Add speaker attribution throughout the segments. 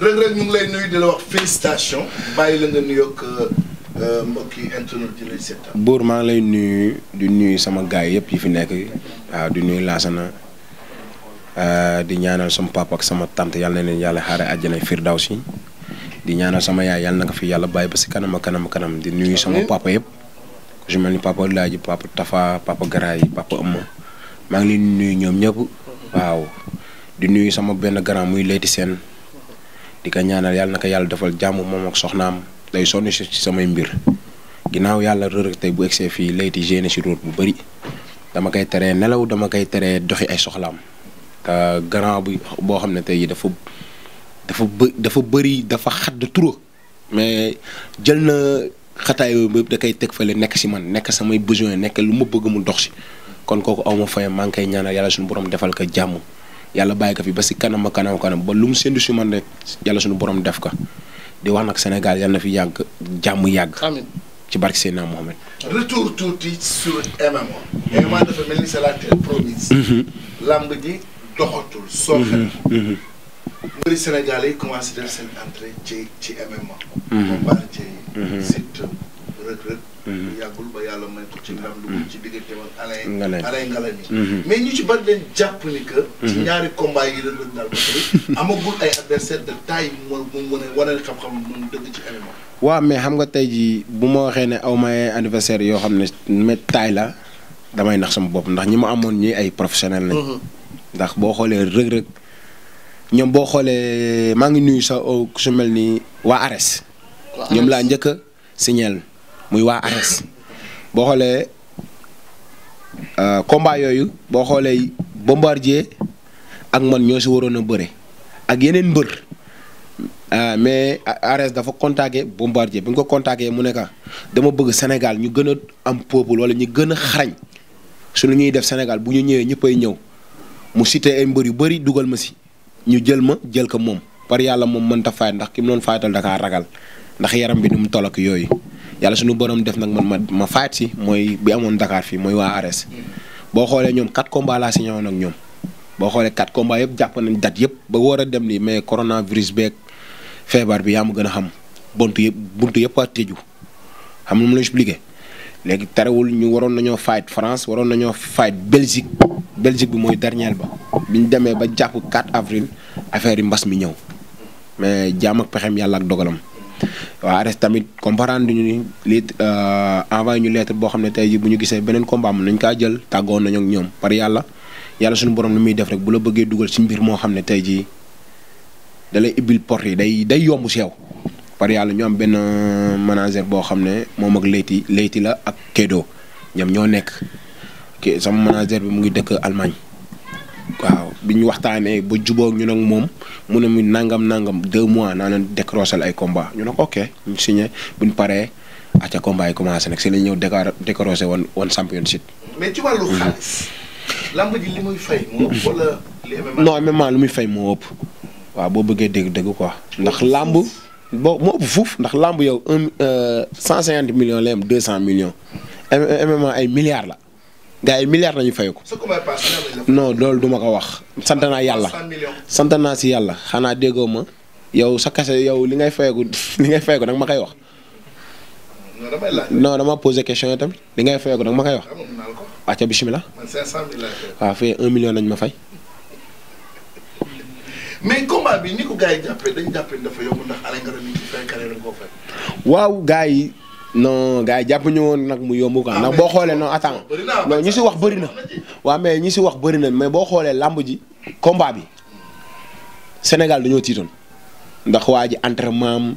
Speaker 1: Reug Reug ñu lay nuyu di la wax félicitation bàyyi euh, euh, Buur maa ngi lay nuyu di nuyu sama gaay yëpp yi fi nekk waaw di nuyu Laasana euh, di ñaanal sama papa ak sama tante yàlla na leen yàlla xaare àjjana firdawsi di ñaanal sama yaay yàlla na ko fi yàlla bàyyi ba si kanam ak kanam kanam di nuyu sama papa yépp ku si mel ni papa Laaji papa Tafa papa Garaay papa Amma maa ngi leen nuyu ñoom ñëpp waaw di nuyu sama benn grand muy Leyti seen di ko ñaanal yàlla na ko yàlla defal jàmm moom ak soxnaam day sonn si samay mbir ginnaaw yàlla rërëg tey bu egsee fii layti génne si route bu bëri dama koy teree nelaw dama koy teree doxi ay soxlaam te grand bi boo xam ne tey dafa dafa bë dafa bëri dafa xadd trop mais jël na xataay yooyu bépp da koy teg fale nekk si man nekk samay besoin nekk lu ma bëgg mu dox si kon kooku aw ma fay maa ngi koy ñaanal yàlla suñu borom defal ko jàmm yàlla bàyyi ko fi ba si kanam a kanam kanam ba lu mu séntu si man rek yàlla suñu borom def ko di wax nag Sénégal yàlla na fi yàgg jàmm yàgg. amiin ci barke Seydina Mohamed. retour tuuti sur MMA. MMA la terre promise. Mhm. lamb doxatul. sooxe. Mhm, mhm. mbëri yàlla moytu ci ndam mais xam nga tey jii bu ma waxee ne aw ma ay adversaire yoo xam ne mais taille la damay nax sama bopp ndax ñi ma amoon ñi ay professionnel lañ mm-hmm. ndax boo xoolee rëg-rëg ñoom boo xoolee maa ngi nuyu sa oh, su mel ni waa Ares ñoom laa njëkk a signal muy waa Ares boo xoolee euh, combat yooyu boo xoolee bombardier ak man ñoo si waroon a bëre ak yeneen mbër euh, mais Ares dafa contacté bombardier bi nga ko contacté mu ne ka dama bëgg Sénégal ñu gën a am peuple wala ñu gën a xarañ su lu ñuy def Sénégal bu ñu ñëwee ñëppay ñëw mu cité ay mbër yu bari dugal ma si ñu jël ma jël ko moom par yàlla moom mënta fay ndax ki mu doon fayatal da ragal ndax yaram bi nu mu tolak yooyu. yàlla suñu borom def nag man ma ma faat si mooy bi amoon Dakar fii mooy waa Ares boo xoolee ñoom quatre combats a signé woon ak ñoom boo xoolee quatre combats yëpp jàpp nañ date yëpp ba war a dem nii mais coronavirus beeg feebar bi yaa ma gën a xam buntu yëpp buntu yëpp a tëju xam la expliqué léegi terewul ñu waroon nañoo fight France waroon nañoo fight Belgique Belgique bi mooy dernière ba biñ demee ba jàpp 4 avril affaire yi mbas mi ñëw mais jaam ak pexem yàlla ak dogalam. waa Ares tamit comprendre ñu ni lii euh, envoyé ñu lettre boo xam ne tey jii bu ñu gisee beneen combat am kaa jël tàggoon nañu ak ñoom par yàlla yàlla suñu borom lu muy def rek bu la bëggee dugal ci moo xam ne tey jii da lay ibbil yi day day yomb seew par yàlla ñu benn euh, manager boo xam ne moom ak Leyti Leyti la ak Kedo ñoom ñoo nekk sama manager bi mu ngi dëkk Allemagne waaw bi ñu waxtaanee ba jubóog ñu nag moom. mu ne mu nangam nangam deux mois naa leen décrocher ay combat ñu ne ok mu signé bu ñu paree acca combat yi commencé nag si la ñu ñëw décor décrocher woon woon championship. mais ci wàllu mhm. xaalis. lamb lu muy fay moo ëpp. waaw boo bëggee dégg dégg ko ndax lamb. boo moo ëpp fuuf ndax lamb yow un euh, cent cinquante millions lay am deux cent millions. MMA ay milliards la. gars yi milliards nañu fay ko. non dool duma ko wax. sant naa yàlla sant naa si yàlla xanaa déggoo ma yow sa kase yow li ngay fayeku li ngay fayeku nag ma koy wax. non dama posé question yi li ngay fayeku nag ma koy wax. acca bismila waaw fii nañ ma fay. yi. non gars yi jàpp ñu woon nag mu yomb quoi ndax boo xoolee non attends non ñu si wax bëri na waaw mais ñu si wax bëri na mais boo xoolee làmb ji combat bi Sénégal dañoo tiitoon ndax waa ji entraînement am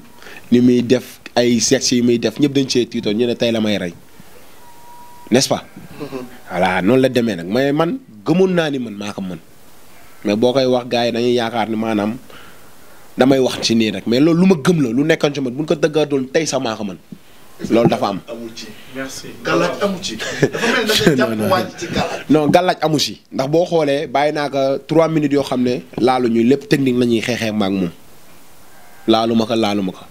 Speaker 1: ni muy def ay sexe yi muy def ñëpp dañ see tiitoon ñu ne tey la may rey n'est-ce pas mm-hmm. noonu la demee nag mais man gëmoon naa ni man maa ko mën mais boo koy wax gars yi dañuy yaakaar ni maanaam damay wax ci nii rek mais loolu lu ma gëm la lu nekkoon ci man buñ ko dëggaatoon tey sax maa ko mën loolu dafa am. amu ci merci. amu ci dafa mel ne amu ci ndax boo xoolee bàyyi naa ko 3 minutes yoo xam ne laalu ñu lépp technique la ñuy xeexee maak moom laalu ma ko laalu ma ko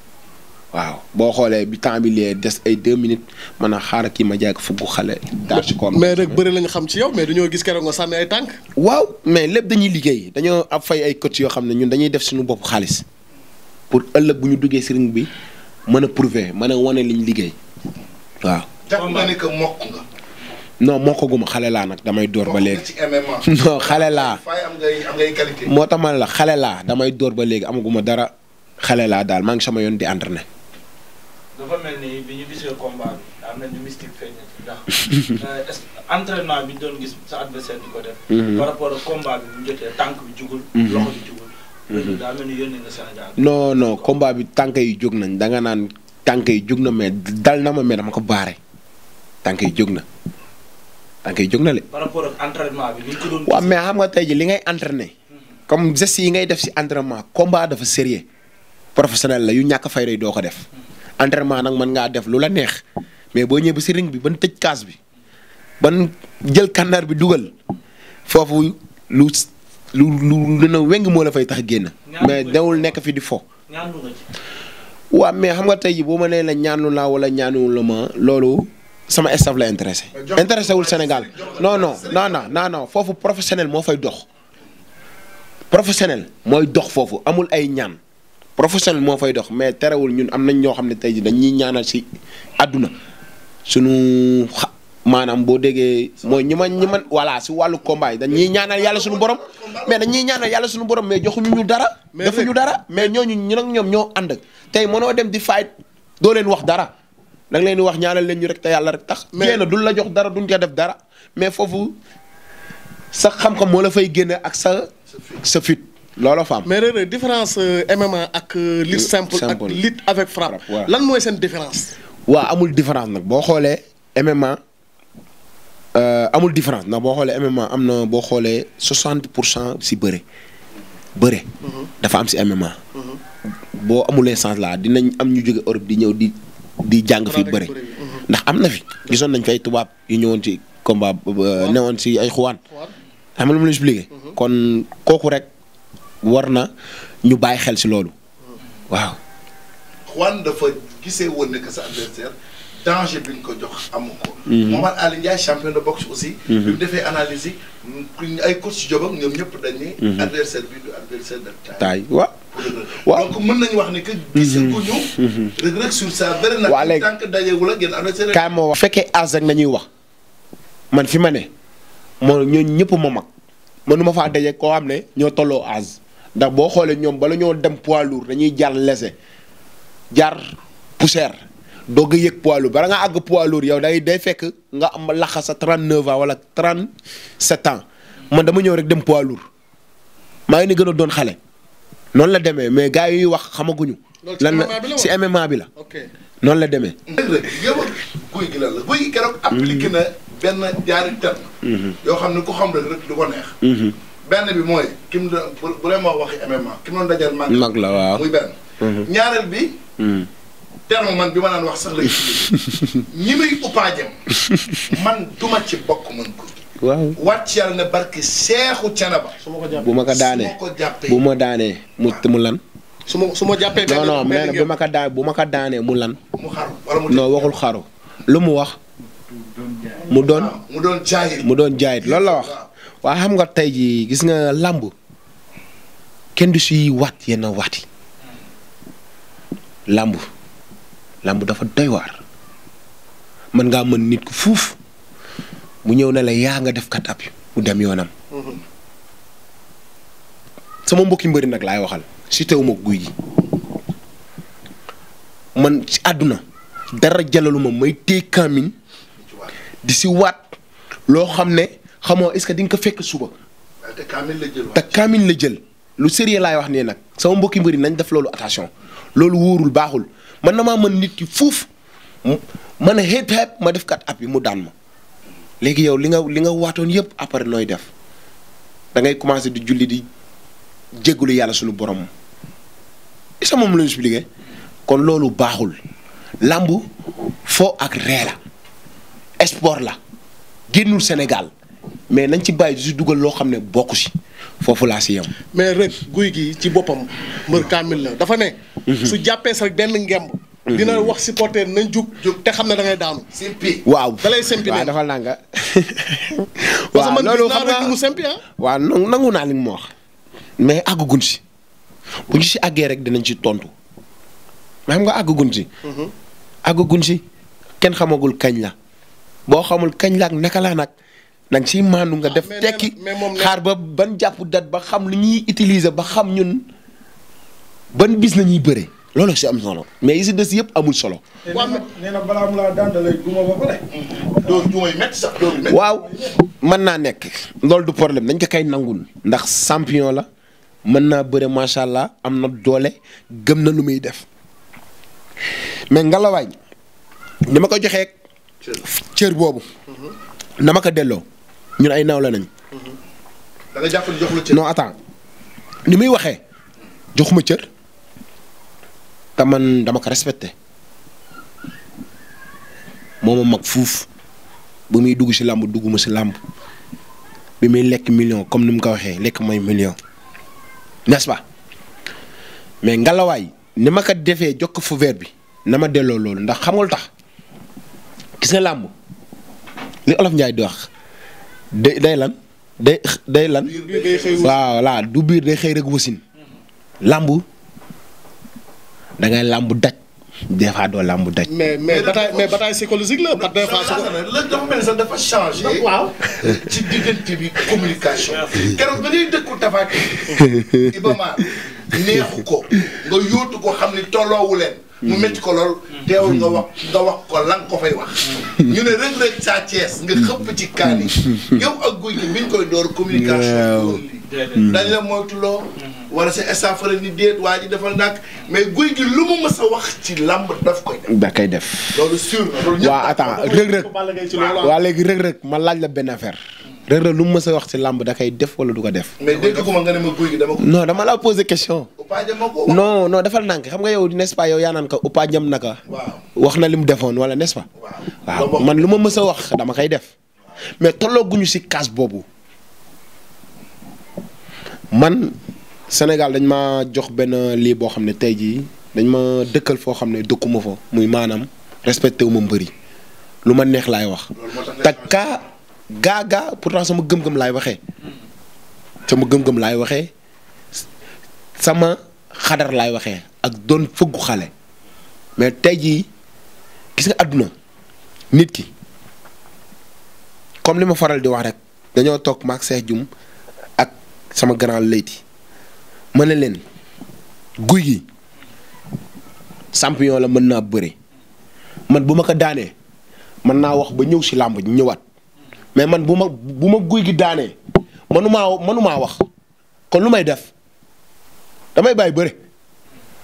Speaker 1: waaw boo xoolee bi temps bi lee des ay deux minutes man a xaar kii ma jaay ko fukk xale. daal ci koom mais rek bëri lañu xam si yow mais dañoo gis keroog nga sànni ay tànk. waaw mais lépp dañuy liggéey dañoo ab fay ay coach yoo xam ne ñun dañuy def suñu bopp xaalis pour ëllëg bu ñu duggee sëriñ bi mën a prouver mën a wane liñ liggéey waaw. xale laa nag damay door ba léegi. non xale moo tax man la xale laa damay door ba léegi amaguma dara xale laa daal maa ngi sama yoon di entraîné. dafa mel ni bi euh, doon gis sa adversaire di ko def. Mhm. par rapport ak bi bu jotee tànk bi jugul. Mhm. Mm-hmm. daa mel ni yónni nga bi tànk yi jóg nañ da naan tànk yi jóg na mais dal na ma mais dama ko baare tànk yi jóg na tànk yi jóg na le. par rapport ak entraînement bi nga tey ji li ngay entraîné. Mm-hmm. comme gestes yi ngay def si entraînement combat dafa sérieux professionnel la yu ñàkk fay rey doo ko def. Mm-hmm. entraînement nag mën ngaa def lu la neex mais boo ñëwee ba si ring bi ban tëj kaas bi ban jël kànnaar bi dugal foofu lu lu lu na a moo la fay tax génn. mais dawul nekk fi di fo. waa mais xam nga tey jii boo ma nee la ñaanu laa wala ñaanuwul la ma loolu sama staff la intéressé. intéressé wul Sénégal non non non non non foofu professionnel moo fay dox. professionnel mooy dox foofu amul ay ñaan professionnel moo fay dox mais terewul ñun am nañ ñoo xam ne tey jii dañuy ñaanal si àdduna sunu maanaam boo déggee mooy ñi ma ñi ma voilà si wàllu combat yi dañuy ñaanal yàlla suñu borom mais dañuy ñaanal yàlla suñu borom mais joxuñu ñu dara. mais defuñu ñu dara mais ñooñu ñu nag ñoom ñoo ànd tey mënoo dem di fight doo leen wax dara da leen di wax ñaanal leen ñu rek te yàlla rek tax. mais na duñ la jox dara duñ ko def dara mais foofu sax xam-xam moo la fay génne ak sa sa fit loolo fa am. mais différence euh, MMA ak. Euh, lutte simple ak lutte avec frappe. lan mooy seen différence. waaw amul différence nag boo xoolee amul différence ndax boo xoolee MMA am na boo xoolee 60 pour cent si bëre bëre. dafa am si MMA. boo amulee sens laa dinañ am ñu jóge Europe di ñëw di di jàng fi bëre. ndax am na fi gisoon nañ fi ay tubaab yu ñëwoon ci combat euh, newoon si ay xuwaan. xam nga lu ma mhm. kon kooku rek war na ñu bàyyi xel si loolu. Mhm. waaw. danger bi ñu ko jox amu ko. Mhm. Momar Aliou Ndiaye champion de boxe aussi. Mhm. bi mu defee analyse yi ay coach Diop ak ñoom ñëpp dañ ne. Mhm. adversaire bi waaw mën nañu wax ni que. gisaguñu. Reug Reug sa benn. waaw léegi dajewul ak yéen adversaire. kaay moo wax fekkee âge rek nañuy wax man fi ma ne moo ñooñu ñëpp ma mag mënuma faa daje koo xam ne ñoo tolloo âge ndax boo xoolee ñoom bala ñoo dem pois lourd dañuy jaar léger jaar poussière. doog a yëg poids lourd bala nga àgg poids lourd yow day day fekk nga am laxa sa 39 ans wala 37 ans man dama ñëw rek dem poids maa ngi ni gën a doon xale. noonu la demee mais gars yi wax xamaguñu. lan la ci MMA bi la ok noonu la demee. yow guy gi lan la guy gi benn jaari mhm. yoo xam ne ko neex. Mhm. benn bi mooy ki mu doon bu bu leen ma MMA ki mu dajal mag. la waaw muy benn. Mhm. ñaareel bi. terme man bi ma naan wax sax la ñi duma ci bokk man ko waaw wàcc yàlla na barke seexu canaba bu ma ko daanee bu ma daanee mu lan su ma su ma jàppee non non daa bu ma daanee mu lan mu waxul xaru lu mu wax mu doon mu doon jaayit mu la wax waa xam nga tey jii gis nga làmb kenn du siy waat yenn waat làmb làmb dafa doy waar mën ngaa mën nit ku fuuf mu ñëw ne la yaa nga def kat ab mu dem yoonam. sama mbokki mbëri nag laay waxal si teew ma guy ji man ci àdduna dara jalaluma may téye kaamin di si waat loo xam ne xamoo est-ce que di nga ko fekk suba. te kaamin la jël lu sérieux laay wax ne nag sama mbokki mbari nañ def loolu attention loolu wóorul baaxul man damaa mën nit ki fuuf man a xeeb xeeb ma def kat ab yi mu daan ma léegi yow li nga li nga waatoon yëpp après nooy def da ngay commencé di julli di jégalu yàlla suñu borom isa moom la expliqué kon loolu baaxul làmb foo ak reer la sport la génnul Sénégal mais nañ ci bàyyi di si dugal loo xam ne bokku si foofu laa si yem. mais rek guy gi ci boppam mbër kaamil la dafa ne. Mhm. su jàppee sa benn ngemb. Mhm. dina wax supporter nañ jug jug te xam ne da ngay daanu. waaw da lay simpi waaw dafa nanga. waaw loolu xam nga ah. nangu naa li mu wax. mais àgguñ si bu ñu si àggee rek dinañ si tontu mais xam nga àgguñ si. Mhm. àgguñ si kenn xamagul kañ la boo xamul kañ la ak naka la nag. na nga ciy maandu nga ah, def tekki xaar ba ban jàpp dat ba xam lu ñuy utiliser ba xam ñun ban gis la ñuy bëre loolu si am solo mais yi si des yëpp amul solo. nee na balaa waaw mën naa nekk loolu du problème dañ ko kay nangul ndax champion la mën naa bëre macha allah am na doole gëm na lu muy def mais ngelawaañ ni ma ko joxee cër boobu na ma ko delloo. ñun ay nawle nañ. da nga ni jox la cër. non attends ni muy waxee joxuma cër te man dama ko respecté moom mag fuuf bu muy dugg si làmb dugguma si làmb bi muy lekk million comme ni mu ko waxee lekk mooy million n'est-ce mais ngalawaay ni ma ko defee jokk fu verre bi na ma delloo loolu ndax xamul tax gis nga làmb li olof Njaay di wax. day day lan day day lan. waaw voilà du biir day xëy rek wasin làmb da ngay làmb daj. des fois doo làmb daj. mais mais bataille mais bataille psychologique la. parce que des fois la ci diggante bi communication. keroog ba ñuy dëkku tafaat neexu ko nga yóotu ko xam ni tolloowu mu métti ko lool. Mm. teewul nga wax nga wax ko la ko fay wax. Mm. ñu ne Reug Reug Sa Thiès nga xëpp ci kaani yi. Mm. yow ak guy gi biñ koy door communication. dañ la moytuloo. Mm-hmm. wala sa estafari ni déet waa ji defal nag mais guy gi lu mu mës a wax ci lamb daf koy def. da koy def. loolu sûr. loolu ñëpp dafa war a léegi léegi Reug Reug ma laaj la benn affaire. Reug Reug lu mu mës a wax ci làmb da koy def wala du ko def. mais dégg ko ma nga ne ma guy gi dama ko. non question. non non defal nànk xam nga yow n'est-ce pas yow yaa naan ko Upa jam naka. wax na li defoon wala n'est-ce pas. waaw man lu ma mës a wax dama koy def. mais tollooguñu ci kaas boobu man Sénégal dañ ma jox benn lii boo xam ne tey jii dañ ma dëkkal foo xam ne dëkkuma fa muy maanaam respecté wu ma mbëri lu ma neex lay wax. gaa gaa pourtant sama gëm-gëm laay waxee sama gëm-gëm laay waxee sama xadar laay waxee ak doon fëggu xale mais tey jii gis nga àdduna nit ki comme li ma faral di wax rek dañoo toog maag Seex Jum ak sama grand layti ma ne leen guy gi champion la mën naa bëre man bu ma ko daanee mën naa wax ba ñëw si làmb ñëwaat. mais man bu ma bu ma guy gi daanee manumaa manumaa wax kon lu may def damay bàyyi bëre.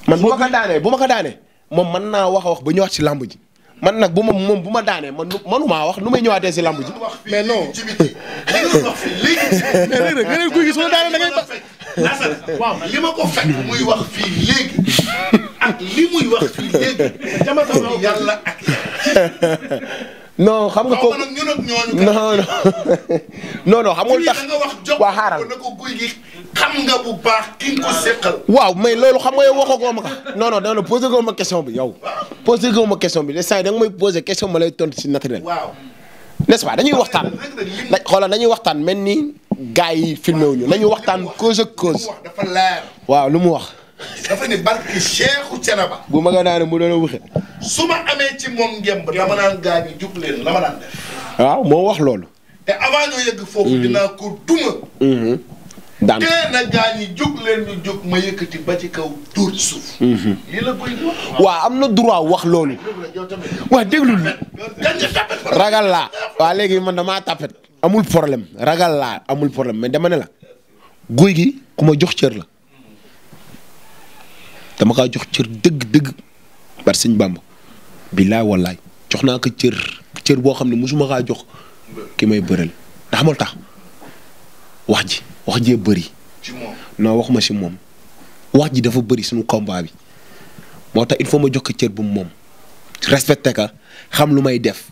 Speaker 1: man bu ma ko daanee bu ma ko daanee moom mën naa wax a wax ba ñëwaat si làmb ji. man nag bu ma moom bu ma daanee man manumaa wax nu may ñëwaatee si làmb ji. mais non léegi guy gi su ma daanee da ngay ba. waaw li ma ko fekk muy wax fii léegi ak li muy wax fii léegi. jamono yàlla ak non xam nga ko non non non non xam nga lu tax waa xaaral xam nga bu baax ki nga ko seqal waaw mais loolu xam nga yow waxagoo ma ko non non non posé goo ma question bi yow posé goo ma question bi instant yii da nga may posé question ma lay tontu si naturel. waaw n'est-ce pas dañuy waxtaan. da xoolal dañuy waxtaan mel ni gars yi filmé wuñu nañu waxtaan cause ak cause. dafa leer waaw lu mu wax. dafa ni bu ma naa ne mu doon wuxe. su ma amee ci moom ngemb dama naan gaa ñi leen la ma naan def. waaw moo wax loolu. te avant mm-hmm. mm-hmm. na gaa ñi leen ñu jug ma yëkkati ba ci kaw tuur ci suuf. Mm-hmm. am na droit wax loolu. waaw déglu li. ragal laa. waa léegi man damaa tapet. amul problème ragal laa amul problème ma dama ne la. guy gi ku ma jox cër la. dama kaa jox cër dëgg-dëgg bar sëñ Bàmba billaay wallaay jox naa ko cër cër boo xam ne mosuma kaa jox ki may bëreel ndax moo tax wax ji wax jee bëri. wax ma si moom wax ji dafa bëri suñu combat bi moo tax il faut ma jox ko cër bu moom respecté ka xam lu may def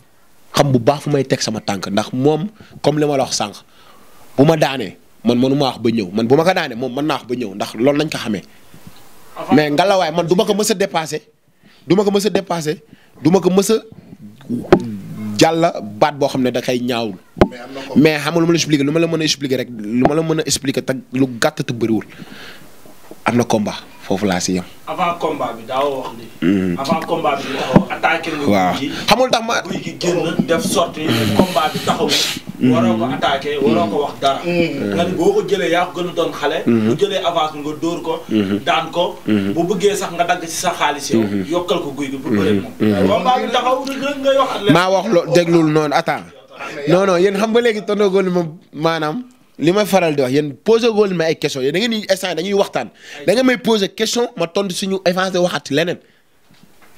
Speaker 1: xam bu baax fu may teg sama tànk ndax moom comme li ma la wax sànq bu ma daanee man mënuma wax ba ñëw man bu ma ka daanee moom man naa wax ba ñëw ndax loolu lañ ko xamee. mais ngalawaay man duma ma ko mës a dépassé du ma ko mës a dépassé du ko mës a jàlla baat boo xam ne da kay ñaawul. mais xam nga lu ma la expliqué lu ma la mën a expliqué rek lu ma la mën a expliqué te lu gàtt te bëriwul am na combat. foofu laa si yem. avant combat bi daawoo wax ni. Hmm. avant combat bi taxaw attaqué nga. waaw xamul tax ma guy gi génn def sorti hmm. hmm. boo jëlee yaa ko gën a doon xale. bu jëlee avance nga dóor ko. daan ko. bu bëggee sax nga dagg si sax xaalis yow. yokkal ko guy gi pour bëre moom. combat bi maa wax loo déglul noonu attends non non xam ba léegi tonton Gool moom maanaam. li ma faral di wax yéen posé góol ma ay question yéen da ngeen ni instant dañuy waxtaan da nga may posé question ma tontu suñu avancé waxaat leneen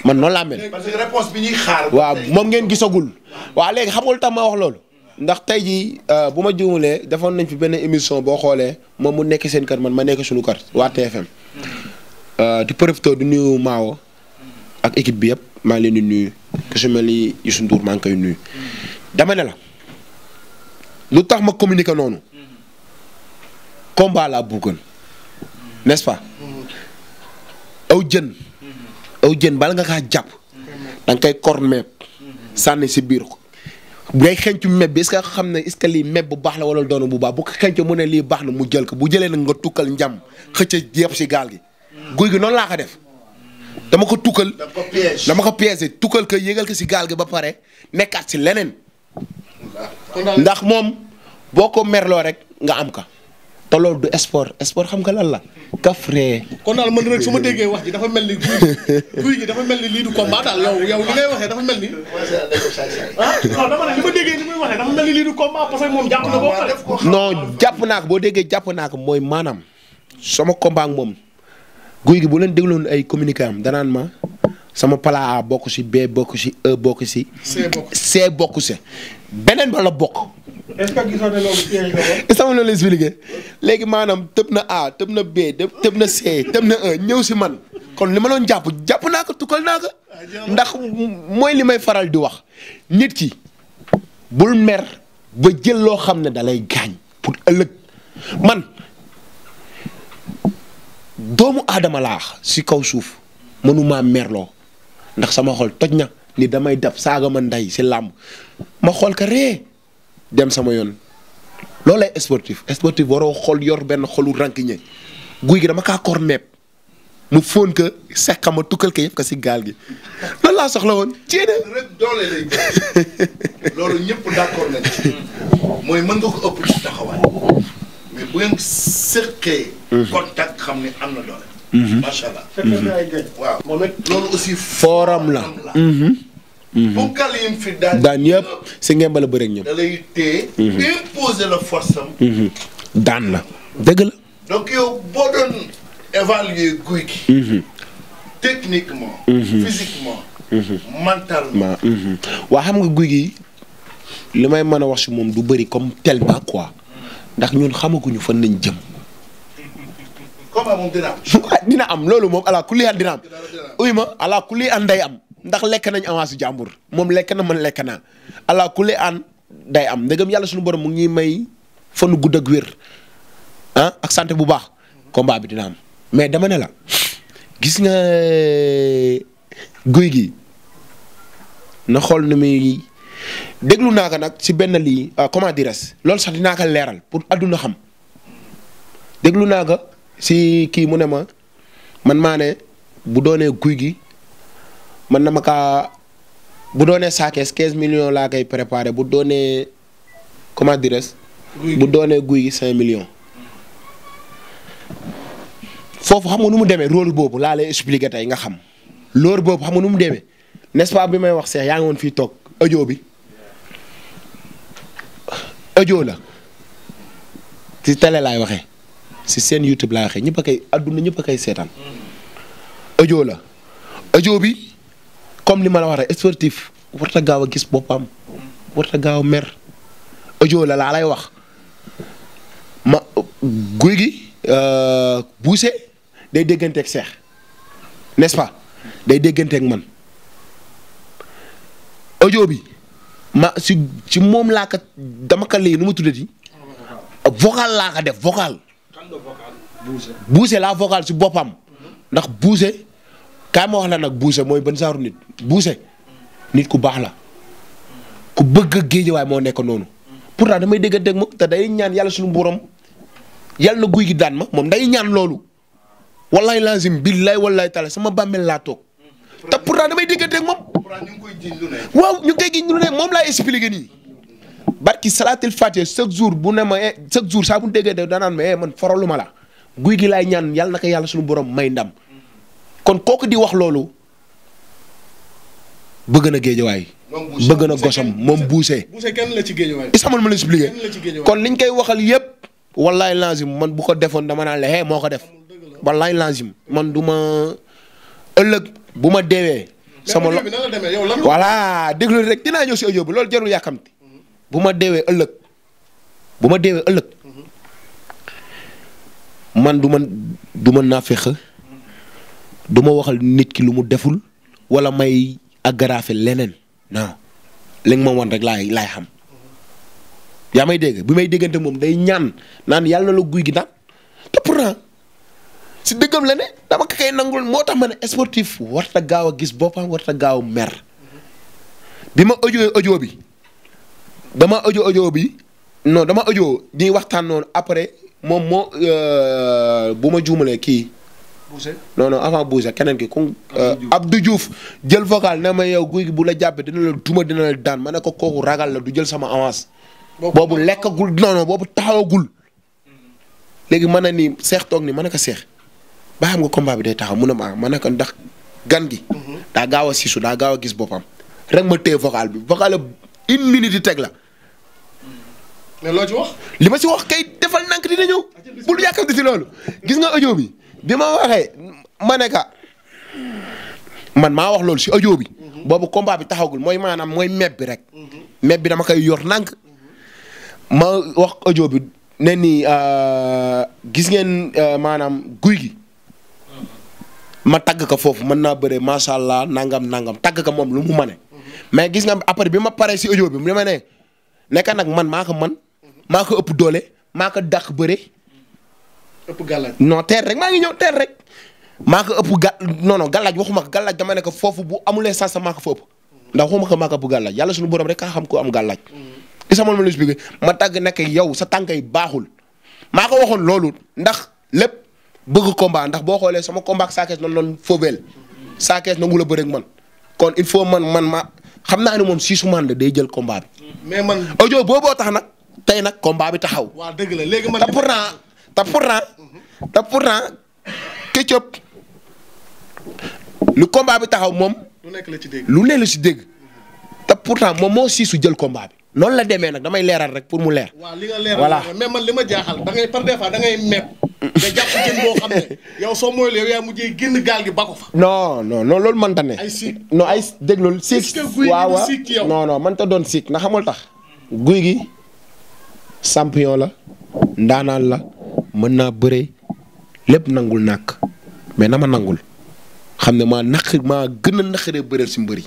Speaker 1: man noonu laa mel. parce que réponse bi ñuy xaar. waaw moom ngeen gisagul. waaw léegi xam nga lu ma wax loolu. ndax tey jii euh, bu ma juumalee defoon nañ fi benn émission boo xoolee moom mu nekk seen kër man ma nekk suñu kar waa TFM. Euh, di profité du nuyu Maawo. ak équipe bi yëpp maa ngi leen di nuyu. ku mel ni Youssou Ndour maa ngi koy nuyu. dama ne la lu tax ma communiqué noonu. combat laa bëggoon aw jën. aw nga kaa jàpp. da nga koy si biir ko. ngay xencu meb bi est-ce xam ne est-ce lii meb bu baax la wala bu baax bu ko xencu ne lii baax na mu jël bu jëlee nag nga tukkal njam xëcc jeex si gaal gi. guy gi noonu laa ko def. ko tukkal dama ko ko yëgal ko gaal gi ba pare nekkaat si leneen. ndax moom boo ko merloo rek nga am ka te loolu du sport sport xam nga lan la. kafre. kon daal man rek su ma déggee wax ji dafa mel ni dafa mel ni lii du combat daal yow yow li ni. Ah, ne li ma déggee ni mel ni lii du combat parce que moom jàpp na boo pare. non naa ko boo déggee jàpp naa ko mooy maanaam sama combat ak moom guy gi bu leen dégloon ay communiqué am danaan ma sama palaa A bokk si B bokk si E bokk si. C bokk si beneen ba la bokk. est-ce que gisoon na léegi maanaam tëb na A tëb na B tëb na C tëb na 1 e, ñëw si man. kon li ma doon jàpp jàpp naa ko tukkal naa ko. ndax mooy li may faral di wax. nit ki bul mer ba jël loo xam ne dalay lay gaañ pour ëllëg man doomu aadama laax si kaw suuf mer merloo ndax sama xol toj na ni damay def saaga ma ndey si làmb ma xool ko ree dem sama yoon loolay sportif sportif waroo xol yor benn xolu rànkiñe guy gi dama kaa koor meeb mu fóon ka sekka ma tukkal ka yëpp ka si gaal gi loolu laa soxla woon. ceene rek doole lay nañ ci nga ko ëpp ci bu ngeen sëqee. Mhm. xam ne am na doole. Mhm. macha allah. Mhm. forum la. bu gal yi fi daan. daan yëpp si ngeen bala bëreeg ñoom. da lay téye. Mhm. imposer la force am. Mhm. daan mhm. waa xam nga guy gi li may mën a wax si moom du bëri comme tellement quoi ndax ñun xamaguñu fan nañ jëm. comme dina am. loolu moom ala kulli dina dina am uy ma ala kulli an day am. ndax lekk nañ avance jàmbur moom lekk na man lekk naa allah kulli aan day am ndegam yàlla suñu borom mu ngi may fanu gudd ak wér ah, ak santé bu baax combat bi dina am mais dama ne la gis nga guy gi na xool nu muy déglu naa ko nag si benn lii ah, comment dire loolu sax dinaa ko leeral pour àdduna xam déglu naa ko si kii mu ne ma man maa ne bu doonee guy gi. man na ma kaa bu doonee saakees 15 millions laa koy préparé bu doonee comment dirais bu doonee guy gi million foofu xam nga nu mu demee rôle boobu laa la expliqué tey nga xam loor boobu xam nga nu mu demee n'est-ce pas bi may wax seex yaa ngi woon fii toog audio bi audio la ci télé laay waxee si seen YouTube laay waxee ñëpp a koy adduna ñëpp kay koy seetaan mm. audio la comme li ma la wax rek sportif warta gaaw a gis boppam warta gaaw a mer audio la laa lay wax ma guy gi euh, buuse day dégganteeg seex nest pas day dégganteeg man audio bi ma si moom laa ko dama ko lii nu mu tuddati vocal laa ko def vocal buuse laa vocal si boppam ndax buuse kaay ma wax la nag mooy ban saaru nit buuse nit ku baax la ku bëgg géejawaay moo nekk noonu pourtant damay dégganteeg ma da day ñaan yàlla suñu borom yàlla na guy gi daan ma moom day ñaan loolu wallaay lazim billaay wallaay taala sama bàmmeel laa toog te pourtant damay dégganteeg moom. ñu ngi koy jiñ lu ne. waaw ñu ngi koy jiñ lu ne moom laay expliqué nii barki bu ne ma eh, chaque jour saa bu déggee da naan ma eh, man faralu ma la guy gi laay ñaan yàlla na ko yàlla suñu borom may ndam. kon kooku di wax loolu bëgg na géejawaay. bëgg na gosam moom buuse. buuse kenn la ci géejawaay. is xamal ma la expliqué kon liñ koy waxal yëpp. wallaay lazim man bu ko defoon dama naan la eh, moo ko def wallaay lazim man du ma ëllëg bu ma deewee. sama lo voilà déglu rek dinaa ñëw si audio bi loolu jarul yàkkamti mhm. bu ma deewee ëllëg bu ma deewee ëllëg mhm. man du ma du ma naafeq du ma waxal nit ki lu mu deful wala may aggraver leneen non li nga ma wan rek laay laay xam yaa may dégg bi may déggante moom day ñaan naan yàlla na la guy gi daan te pourtant si dëggam la ne dama ko nangul moo tax ma ne sportif warta gaaw a gis boppam warta gaaw a mer bi ma audio audio bi dama audio audio bi non dama audio ñuy waxtaan noonu après moom moo euh, bu ma juumalee kii. non non avant Boucher keneen ki ku Abdou euh, Diouf jël vocal na ma yow guy gi bu la jàppee dina la duma dina la daan ma ne ko kooku ragal la du jël sama avance. boobu lekkagul non non boobu taxawagul. léegi mën na ni seex toog ni mën na ko seex ba xam nga combat bi day taxaw mun a ma mën na ndax gan gi. Mhm. daa gaaw a siisu daa gaaw a gis boppam. rek ma téye vocal bi vocal une minute di teg la. mais loo ci wax. li ma si wax kay defal nank dina ñëw. bul yàkkamti si loolu gis nga audio bi. bi ma waxee ma ne ka man maa wax loolu si audio bi. Mhm. boobu combat bi taxawgul mooy maanaam mooy meb bi rek. Mhm. meb bi dama koy yor ndànk. ma wax audio bi ne ni euh, gis ngeen euh, maanaam guy gi. ma tagg ko foofu mën naa bëre macha allah nangam nangam tagg ko moom lu mu mane. Mhm. mais gis nga après bi ma pare si audio bi mu ne ma ne nekk nag man maa ko man maa ko ëpp doole maa ko dàq bëre. ëpp gàllaaj non teel rek maa ngi ñëw teel rek maa ko ëpp ga non non gàllaaj waxuma ko gàllaaj dama ne ko foofu bu amulee sens maa ko fa ëpp ndax waxuma ko maa ko ëpp gàllaaj rek kaa xam ko am gàllaaj isa ma lu expliqué ma tàgg nekk yow sa tànk yi baaxul maa ko waxoon loolu ndax lépp bëgg combat ndax boo xoolee sa combat ak saakees noonu noonu foobeel saakees nangu la bëre ak man kon il faut man ma xam naa ne moom siisu man la day jël combat man audio booboo tax nag tey te pourtant te pourtant lu combat bi taxaw moom. lu nekk la ci dégg lu nekk la ci dégg. te pourtant moom moo siisu jël combat bi. noonu la demee nag damay leeral rek pour mu leer. waaw li nga leeral voilà mais man li ma jaaxal da ngay par des fois ne yow soo mooy yow génn gaal gi ba ko fa. non non non loolu mënta ne. ay siik non ay déglul siik. est-ce que guy gi doon siik ndax xamul tax. guy gi champion la ndaanaan la. mën naa bëre lépp nangul nàkk mais na ma nangul xam ne maa naq maa gën a naqaree bëreel si mbëri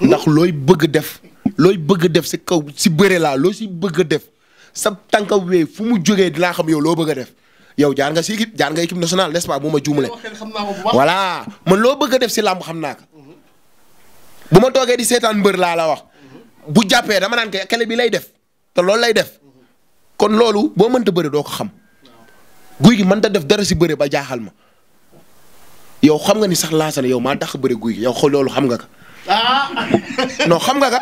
Speaker 1: ndax looy bëgg def looy bëgg def si kaw si bëre laa loo si bëgg def sa tànka wee fu mu jógee dinaa xam yow loo bëgg def yow jaar nga si équipe jaar nga équipe nationale n'est-ce pas bu ma juumalee. voilà man loo bëgg def si làmb xam naa bu ma toogee di seetaan mbër laa la wax. Mhm. bu jàppee dama naan kay kele bi lay def te loolu lay def. kon loolu boo mënta bëre doo ko xam guy gi mënta def dara si bëre ba jaaxal ma yow xam nga ni sax laasana yow maa dàq bëre guy gi yow xool loolu xam nga ka ah! non xam nga ka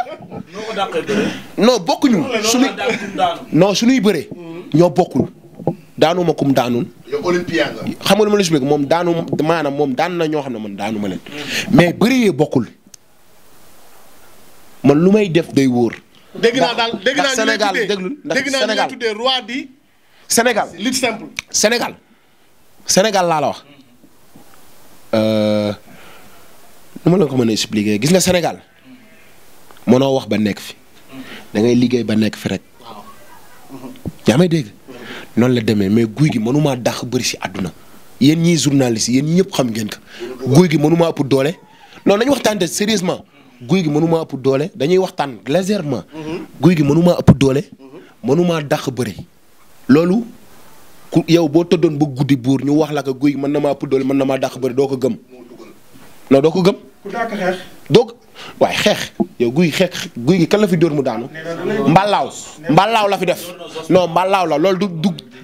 Speaker 1: non bokkuñu suñuy non suñuy bëre mm-hmm. ñoo bokkul daanu ma kum daanun xam nga lu la expliqué moom daanu maanaam moom daan na ñoo xam ne man daanu ma leen mm-hmm. mais bëre yee bokkul man lu may def day wóor
Speaker 2: dégg naa daal dégg déglu ndax Sénégal dégg naa ñu tuddee
Speaker 1: roi di. Sénégal lutte simple. Sénégal la euh, nu ma la ko mën a expliquer gis nga Sénégal noo wax ba nekk fi da ngay liggéey ba nekk fi rek. yaa may dégg noonu la demee mais guy gi mënumaa dàq bëri si àdduna yéen ñii journaliste yéen ñëpp xam ngeen ko guy gi mënumaa ëpp doole non nañu waxtaante sérieusement guy gi mënuma ëpp doole dañuy waxtaan légèrement. guy gi mënumaa ëpp doole. mënumaa dàq bëri. loolu yow boo tëddoon ba guddi buur ñu wax la ko guy gi mën na maa ëpp doole mën na maa dàq bëri doo ko gëm. non doo ko gëm. ku dàq xeex. doo ko waaye xeex yow guy xeex guy kan la fi dóor mu daanu. mbalaaw mbalaaw la fi def. non mbalaaw la loolu du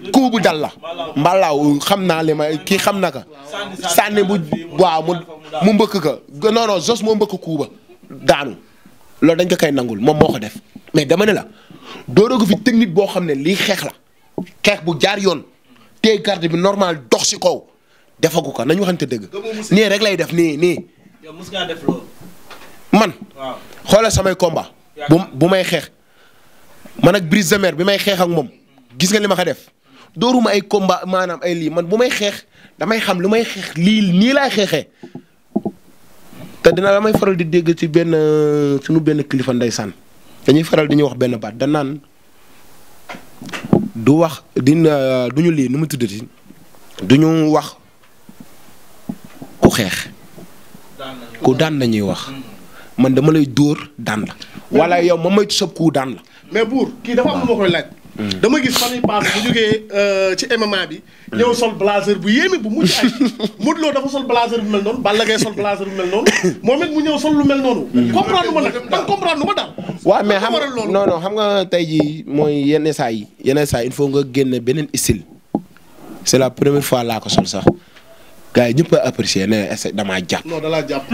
Speaker 1: du kuu bu dal la. mbalaaw xam naa li ma kii xam na ka sànni bu waaw mu mbëkk ka non non jos moo mbëkk kuu daanu loolu dañ ko koy nangul moom moo ko def mais dama ne la dóoroogu fi technique boo xam ne lii xeex la xeex bu jaar yoon tey garde bi normal dox si kaw defagu ko nañu waxante dëgg. nii rek lay def nii nii. yow mos ngaa def man. waaw samay combat. bu may xeex man ak Brise de bi may xeex ak moom gis nga li ma ko def dóoruma ay combat maanaam ay lii man bu may xeex damay xam lu may xeex lii nii laay xeexe te dina damay faral di dégg ci benn suñu benn kilifa ndeysaan dañuy faral di ñu wax benn baat da du wax dina euh, du ñu lii nu mu tuddati du ñu wax ku xeex. ku daan la wax. man dama lay dóor daan la. wala yow ma may sëb ku daan la. mais buur kii dafa Mm. dama gis fan yii paase bu jógee euh, ci MMA bi. Mm. ñëw sol blazer bu yéeme bu mucc ay Modou Lo dafa sol blazer bu mel noonu Balla Gaye sol blazer bu mel noonu moom it mu ñëw sol lu mel noonu. Mm. comprendre ma nag man comprendre ma daal. waaw mais xam nga non non xam nga tey jii mooy yenn saa yi yenn saa yi il faut nga génn beneen style. c'est la première fois laa ko sol sax. gars yi ñëpp a apprécié nee na damaa jàpp. non dalaa jàpp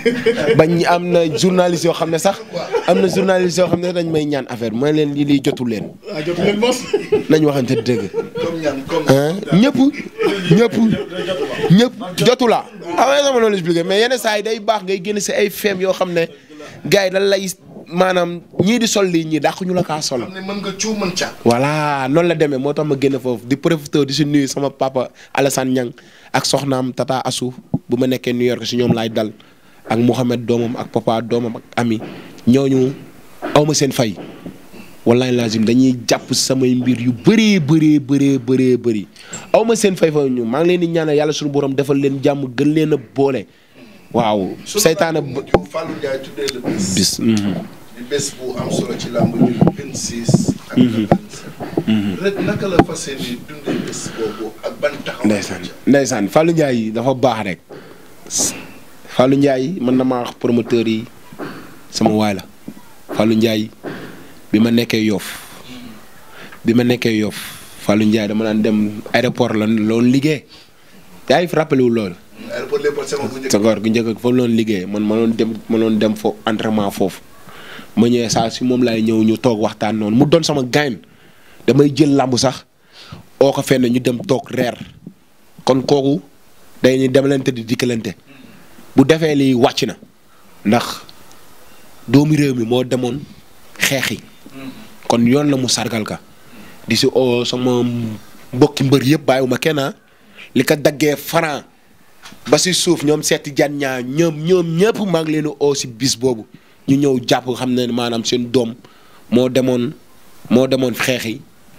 Speaker 1: bañ am na journaliste yoo xam ne sax am na journaliste yoo xam ne dañ may ñaan affaire ma leen lii lii jotul leen. ah jotul leen mos. nañ waxante dëgg. comme ñaan comme. ñëpp ñëpp ñëpp jotu la. ah waaye dama loolu mais yenn saa yi day baax ngay génn si ay feem yoo xam ne gars yi dañ maanaam ñii di sol lii ñii dàq ñu la kaa sol. am na mën nga coow mën caa. noonu la deme moo tax ma génn foofu di profité di si nuyu sama papa Alassane Niang ak soxnaam Tata Assou bu ma nekkee New York si ñoom laay dal ak Mouhamed doomam ak papa doomam ak ami ñooñu aw ma seen fay. wallaay lazim dañuy jàpp samay mbir yu bëree bëree bëree bëree bëri aw ma seen fay fa ñu maa ngi leen di ñaanal yàlla suñu borom defal leen jàmm gën leen a boole. waaw seytaane Fallou Ndiaye tuddee mhm. bu mhm. Mhm. ndeysaan ndeysaan Fallou Ndiaye dafa baax rek fallu njaay mën na maa wax promoteur yi sama waay la Fallou Ndiaye bi ma nekkee yoof bi ma nekkee Yoff Fallou Ndiaye dama daan dem aéroport la loolu liggéey yaa ngi fi loolu aéroport Léopold Senghor bu njëkk. Senghor bu liggéey man ma doon dem ma doon foofu ma ñëwee saa si moom lay ñëw ñu toog waxtaan noonu mu doon sama gain damay jël làmb sax oo ko fenn ñu dem toog reer kon kooku day ni demlante di dikkalante bu defee li wàcc na ndax doomu réew mi moo demoon xeex kon yoon la mu sargal ka di si oo sama mbokki mbër yëpp bàyyiwuma kenn ah. li ko daggee franc ba si suuf ñoom seeti jan ñaa ñoom ñoom ñëpp maa ngi leen oo si bis boobu ñu ñëw jàpp xam ne maanaam seen doom moo demoon moo demoon xeex yi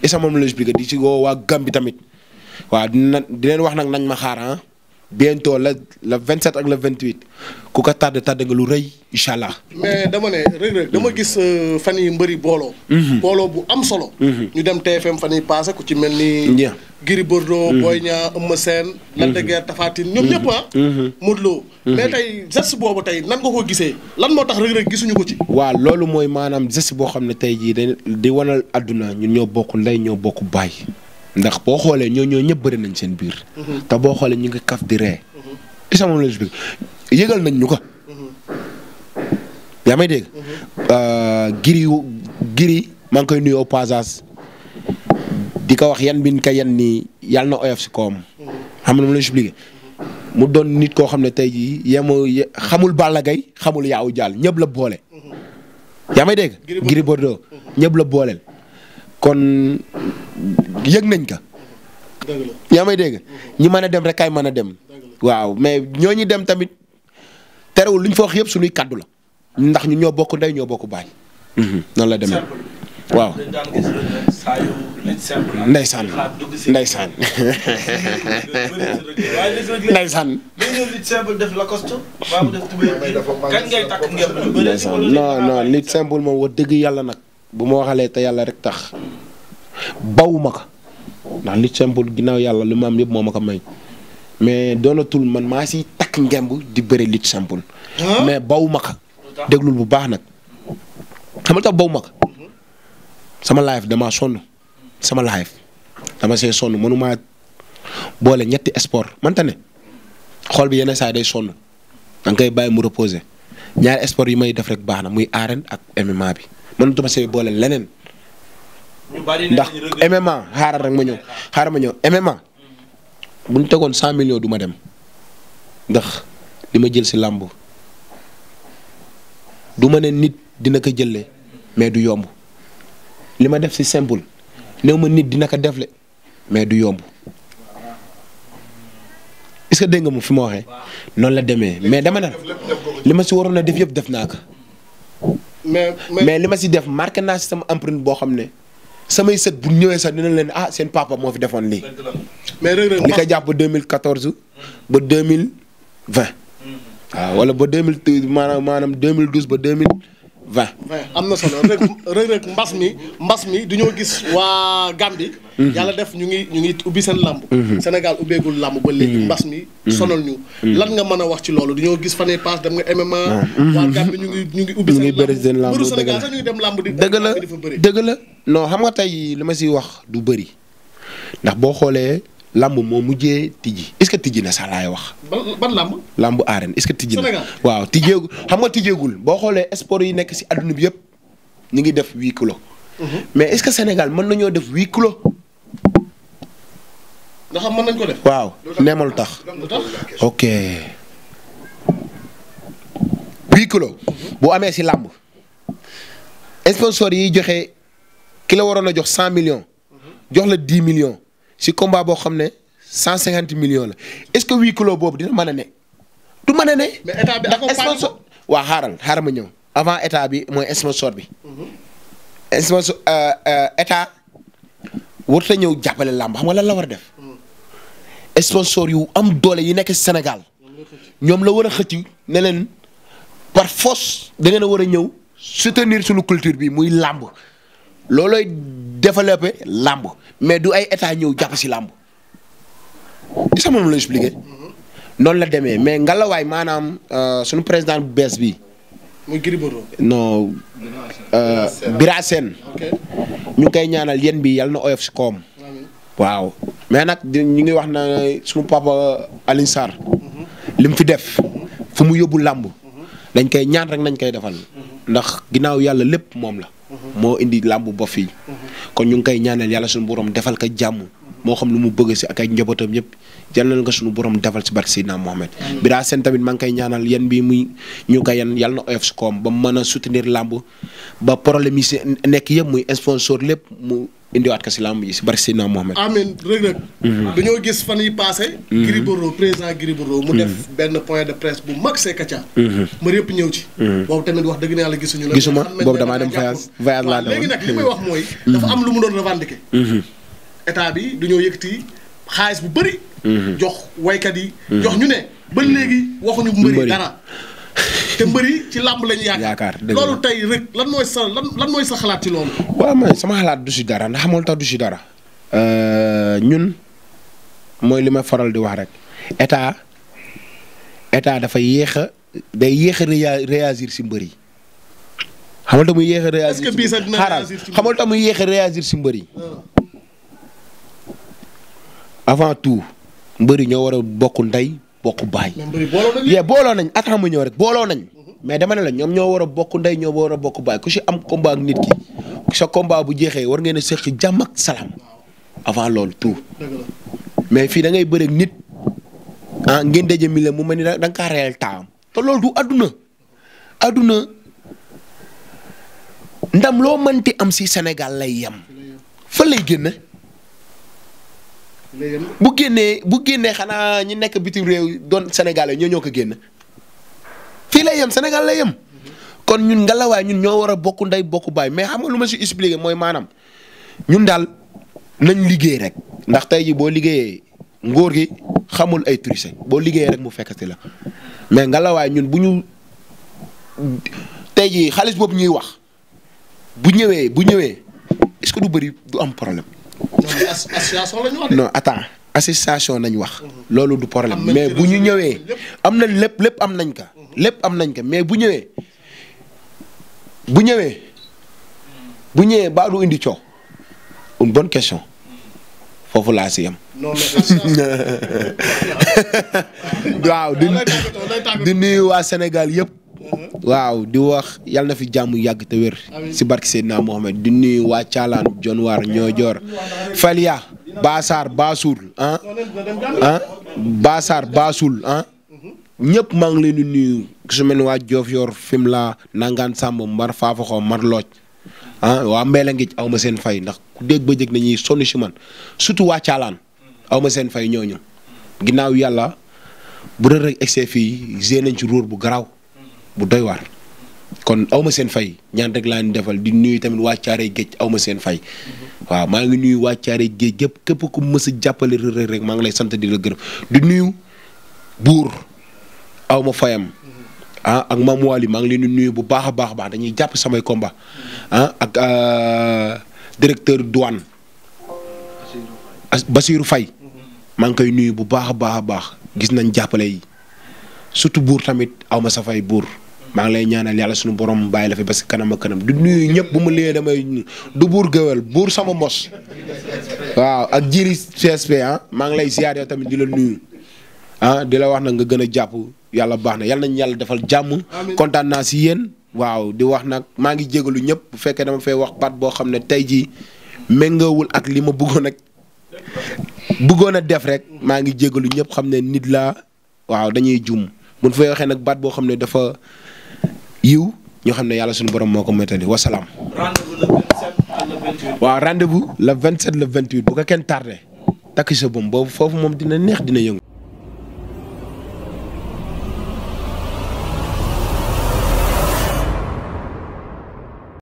Speaker 1: isa moom la expliqué di si woo waa Gàmbi tamit waaw di leen wax nag nañ ma xaar ah. bien bientôt la le 27 ak vingt 28 ku ko tàdd tàdd nga lu rëy incha allah. mais dama ne Reug Reug dama gis euh, fan yi mbëri booloo. Mhm. booloo bu am solo. Mhm. ñu dem TFM fan yi paase ku ci mel ni. Gris Bordeaux. Mhm. Boy Niang Eumeu Sène. Lac de Guiers Tapha Tine ñoom ñëpp ah. Modou Lô. mais tey geste boobu tey nan nga ko gisee lan moo tax Reug Reug gisuñu ko ci. waa loolu mooy maanaam geste boo xam ne tey jii dañ di wanal àdduna ñun ñoo bokk ndey ñoo bokk baay. ndax boo xoolee ñoo ñoo ñëpp bëri nañ seen biir. Mm-hmm. te boo xoolee ñu ngi kaf di ree. Mm-hmm. is na moom la expliqué yëgal nañ ñu ko. Mm-hmm. yaa may dégg. Euh, giri giri maa ngi koy nuyu au di ko wax yan bin ka yan nii yàlla na oyof si koom. xam nga mu la expliqué. mu doon nit koo xam ne tey ji yemoo xamul Balla Gaye xamul yaaw jaal ñëpp la boole. yaa may dégg. Gris Bordeaux ñëpp la booleel yëg nañ ko. yaa may dégg ñi mën a dem rekk kay mën a dem. waaw mais ñooñu dem tamit terewul luñ fa wax yëpp suñuy kaddu la ndax ñu ñoo bokk ndey ñoo bokk baay. Mhm, noonu la demee. waaw ndeysaan ndeysaan ndeysaan non non nit simple moom wax dëgg yàlla nag bu ma waxalee te yàlla rek tax bawuma ma ndax li simple ginnaaw yàlla lu ma am yëpp moo ma ko may mais doonatul man maa si takk ngemb di bëri lit simple. Ah? mais baw ma ko. déglul bu baax nag. xam nga tax baw ma ko sama life dama sonn sama life dama see sonn mënumaa boole ñetti sport mante ne xool bi yenn saa day sonn da nga koy bàyyi mu reposer ñaari sport yi may def rek baax na muy arène ak MMA bi mënatuma see boole leneen. ndax MMA xaaral rek ma ñëw xaaral ma bu ñu tegoon cent millions du dem ndax li ma jël si làmb du ma ne nit dina ko jëlee mais du yomb li ma def si simple néew ma nit dina ko defle mais du yomb est-ce que dégg nga mu fi ma waxee noonu la demee mais dama ne li ma si waroon a def yëpp def naa ko mais mais li ma si def marqué naa si sama empreinte boo xam ne. samay set bu ñëwee sax dina leen ah seen papa moo fi defoon lii. mais Reug Reug li ko jàpp ba 2014. ba 2020. waaw wala ba 2012 maanaam maanaam 2012 ba 2000. vingt am na solo rek mbas mi mbas mi du ñoo gis waa Gambie. Mhm. yàlla def ñu ngi ñu ngi ubbi seen làmb mhm. Sénégal ubbeegul làmb ba léegi mhm. mbas mi sonal ñu lan nga mën a wax ci loolu du ñoo gis fanee paas dem nga MMA ah. waa Gambie ñu ngi ñu ngi ubbi seen làmb bëru Sénégal sax ñu ngi dem làmb di dëgg la dëgg la noo xam nga tey li ma si wax du bëri ndax boo xoolee lamb moo mujjee tijji est-ce tijji na sax wax. ban ban lamb. lambu arène tijji na. waaw tijjeegu xam nga tijjeegul boo xoolee sport yi nekk si adduna bi yëpp ñu ngi def huis clos. Mhm. mais est-ce que Sénégal mën nañoo def huis clos. ndax nañ ko def. waaw neema lu tax. ok. huis clos. Mhm. bu amee si lamb. sponsor yi joxe ki la waroon a jox cent million mhm. jox la dix millions. si combat boo xam ne cent cinquante million la est-ce que huis clos boobu dina ma a ne. du mën a ne. mais état bi ndax sponsor waa xaaral xaaral ma ñëw avant état bi mooy sponsor bi. Mhm. sponsor euh, euh, état warut a ñëw jàppale làmb xam nga la war a def. Mhm. sponsor yu am doole yi nekk Sénégal. ñoom la war a xëcc ne leen par force da ngeen a war a ñëw soutenir sunu culture bi muy làmb. loolooy développé làmb mais du ay état ñëw jàpp si làmb isa moom la expliqué mm-hmm. noonu la demee mais ngalawaay maanaam euh, suñu président bu bees bi muy Gris Bordeaux non euh, Bira ñu koy ñaanal yéen bi yàlla na oyof si koom waaw mais nag ñu ngi wax na suñu papa Alioune Sarr mm-hmm. li fi def mm-hmm. fu mu yóbbu làmb dañ koy ñaan rek nañ koy defal ndax ginnaaw yàlla lépp moom la moo indi làmb bof yi. Mhm. kon ñu ngi koy ñaanal yàlla suñu borom defal ko jàmm. moo xam lu mu bëgg si ak ay njabootam yëpp yàlla na nga suñu borom defal si barke Seydina Mohamed. Bira Sène tamit maa ngi koy ñaanal bi muy ñu ko yan yàlla na oyof si koom ba mën a soutenir ba problème yi si nekk yëpp muy sponsor lépp mu indiwaat ko si làmb yi si barke Seydina Mohamed. amiin Reug Reug. Mhm. dañoo gis fan yi passé. Mhm. Gris Bordeaux président Gris Bordeaux. mu def mhm. benn point de presse bu mag see Kacha. ma yëpp ñëw ci. boobu tamit wax dëgg naa yàlla gisuñu la. gisuma boobu damaa dem voyage voyage laa demoon li may wax mooy. dafa am lu mu doon revendiquer. état bi dañoo yëkkati xaalis bu bëri. Mhm. jox waykat yi. Mhm. jox ñu ne ba mhm. léegi waxuñu mbëri dara. te mbëri ci làmb lañu yaakaar loolu tey rek lan mooy sa lan xalaat ci loolu. waaw man sama xalaat du si dara ndax xamul tax du si dara. Euh, ñun mooy li ma faral di wax rek état état dafa yéex a day yéex a réagir si mbër yi. xamul tax muy yéex a réagir si mbër yi xaaral ah. xamul tax muy yéex a réagir si mbër yi. avant tout mbëri ñoo war a bokk ndey bokk baay. mais booloo nañ attaque ma ñëw rek booloo nañ. mais dama ne la ñoo war a bokk ndey ñoo war a bokk baay ku si am combat nit ki sa combat bu jeexee war ngeen a seq jàmm ak avant loolu tout. mais fii da ngay bëri nit ah ngeen daje mu mel ni da nga kaa réel taam du àdduna àdduna ndam loo mënti am si senegal lay yem fa lay génn. bu génnee bu génnee xanaa ñi nekk bitim réew doon sénégalais ñoo ñoo ko génn fii la yem Sénégal lay yem. kon ñun ngalawaay ñun ñoo war a bokk ndey bokk baay mais xam nga lu ma si expliqué mooy maanaam ñun daal nañ liggéey rek ndax tey ji boo liggéeyee ngóor gi xamul ay triche boo liggéey rek mu fekkati la mais ngalawaay ñun bu ñu tey ji xaalis boobu ñuy wax bu ñëwee bu ñëwee est-ce du bëri du am problème. association lañ wax non attends association nañ wax. Mhm. loolu du la mais bu ñu ñëwee. am nañ lépp lépp am nañ ka mhm. lépp am nañ ka mais bu ñëwee bu ñëwee bu ñëwee baa du indi coow une bonne question. foofu laa si yam waaw di di nuyu waa Sénégal yëpp. waaw di wax yàlla na fi jàmm yàgg te wér. si barke Seydina Mohamed di nuyu waa Caalaan Jonwaar ñoo Falia Basaar Basuul ah ah Basaar Basuul ah. ñëpp maa ngi leen di nuyu su mel ni waa Diofior Fimela Nangaan Samb Mbar Faafaxo Mar Looj ah waa Mbeel a ngi aw ma seen fay ndax ku dégg ba jëg nañuy sonn si man surtout waa Caalaan aw ma seen fay ñooñu ginnaaw yàlla bu rek rek egg fii gérer nañ ci ruur bu garaaw. bu doy waar kon awma seen fay ñaan rek laa ñu defal di nuyu tamit waa Caaroy Géej awma seen fay waaw maa ngi nuyu waa Géej gépp képp ku mës a jàppale Reug Reug rek maa ngi lay sant di la gërëm di nuyu buur awma fayam ah ak Mame Waly maa ngi leen di nuyu bu baax a baax baax dañuy jàpp samay combat ah ak euh, directeur duwaan Basirou fay maa ngi koy nuyu bu baax a baax a baax gis nañ jàppale yi surtout buur tamit awma sa fay buur maa ngi lay ñaanal yàlla suñu borom bàyyi la fi parce que kanam ak kanam du nuyu ñëpp bu ma liyee damay du buur géwél buur sama mbos waaw ak jiri CSP ah maa ngi lay ziar tamit di la nuyu ah, di la wax nag nga gën a jàpp yàlla baax na yàlla nañu yàlla defal jàmm kontaan naa si yéen waaw di wax nag maa ngi jégalu ñëpp bu fekkee dama fay wax baat boo xam ne tey jii méngoowul ak li ma bëggoon ak buggoon a def rek maa ngi jégalu ñépp xam ne nit laa waaw dañuy jum mun fay waxee nag baat boo xam ne dafa yiw ñoo xam ne yàlla suñu borom moo ko moytandi wasalaam. waaw rendez la le 27 le vingt bu ko kenn tardé takk sa bom boobu foofu moom dina neex dina yëngu.